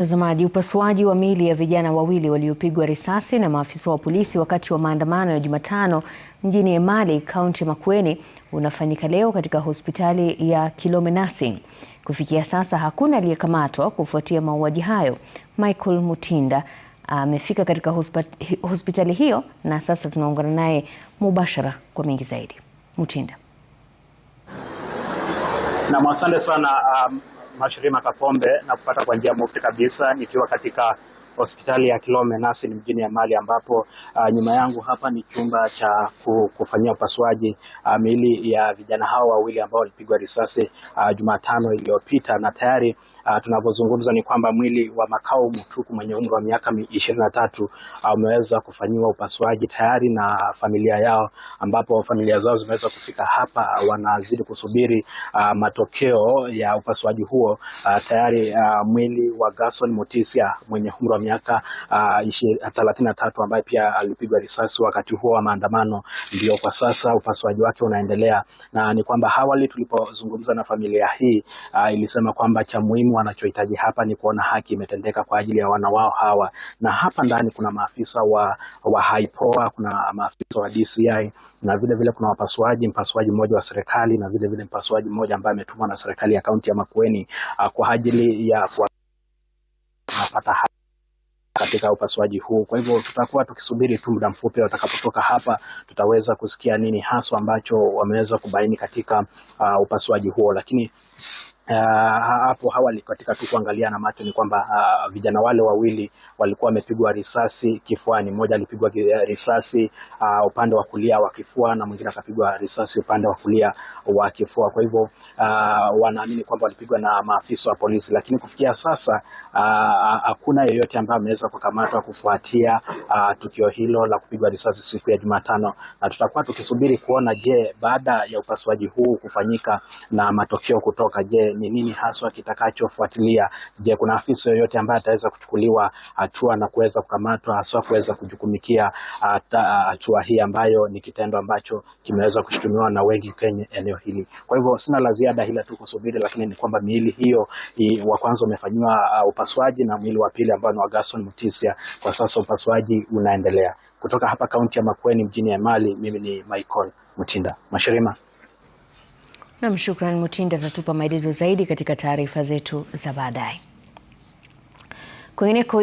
Mtazamaji, upasuaji wa miili ya vijana wawili waliopigwa risasi na maafisa wa polisi wakati wa maandamano ya Jumatano mjini Emali, kaunti ya Makueni unafanyika leo katika hospitali ya Nursing. Kufikia sasa hakuna aliyekamatwa kufuatia mauaji hayo. Michael Mutinda amefika katika hospitali hiyo na sasa tunaungana naye mubashara kwa mengi zaidi. Mutinda. Na asante sana um mashirima kapombe na kupata kwa njia mufti kabisa, nikiwa katika hospitali ya Kilome Nasi ni mjini ya Mali, ambapo uh, nyuma yangu hapa ni chumba cha kufanyia upasuaji uh, miili ya vijana hao wawili ambao walipigwa risasi uh, Jumatano iliyopita, na tayari uh, tunavyozungumza ni kwamba mwili wa Makao Mutuku mwenye umri wa miaka ishirini na tatu umeweza kufanyiwa upasuaji tayari na familia yao, ambapo familia zao zimeweza kufika hapa, wanazidi kusubiri uh, matokeo ya upasuaji huo. Uh, tayari uh, mwili wa Gaston Mutisia mwenye umri wa miaka ah, thelathini na tatu ambaye pia alipigwa risasi wakati huo wa maandamano, ndio kwa sasa upasuaji wake unaendelea. Na ni kwamba awali tulipozungumza na familia hii uh, ilisema kwamba cha muhimu wanachohitaji hapa ni kuona haki imetendeka kwa ajili ya wana wao hawa, na hapa ndani kuna maafisa wa, wa IPOA, kuna maafisa wa DCI na vile vile kuna wapasuaji, mpasuaji mmoja wa serikali na vile vile mpasuaji mmoja ambaye ametumwa na serikali ya kaunti ya Makueni uh, kwa ajili ya kwa... napata katika upasuaji huu. Kwa hivyo tutakuwa tukisubiri tu muda mfupi watakapotoka hapa, tutaweza kusikia nini haswa ambacho wameweza kubaini katika uh, upasuaji huo, lakini Uh, hapo awali katika tu kuangalia na macho ni kwamba uh, vijana wale wawili walikuwa wamepigwa risasi kifuani. Mmoja alipigwa eh, risasi uh, upande wa kulia wa kifua na mwingine akapigwa risasi upande wa kulia wa kifua. Kwa hivyo uh, wanaamini kwamba walipigwa na maafisa wa polisi, lakini kufikia sasa hakuna uh, yeyote ambaye ameweza kukamatwa kufuatia uh, tukio hilo la kupigwa risasi siku ya Jumatano, na tutakuwa tukisubiri kuona, je, baada ya upasuaji huu kufanyika na matokeo kutoka, je ni nini haswa kitakachofuatilia? Je, kuna afisa yoyote ambaye ataweza kuchukuliwa hatua na kuweza kukamatwa haswa kuweza kujukumikia ah, ah, hatua hii ambayo ni kitendo ambacho kimeweza kushutumiwa na wengi kwenye eneo hili? Kwa hivyo sina la ziada, ila tu kusubiri, lakini ni kwamba miili hiyo wa kwanza umefanyiwa ah, upasuaji na mwili wa pili ambao ni wa Gaston Mutisia, kwa sasa upasuaji unaendelea. Kutoka hapa kaunti ya Makueni mjini ya Mali, mimi ni Michael Mutinda Mashirima. Nam, shukran Mutinda, atatupa maelezo zaidi katika taarifa zetu za baadaye. Kwingineko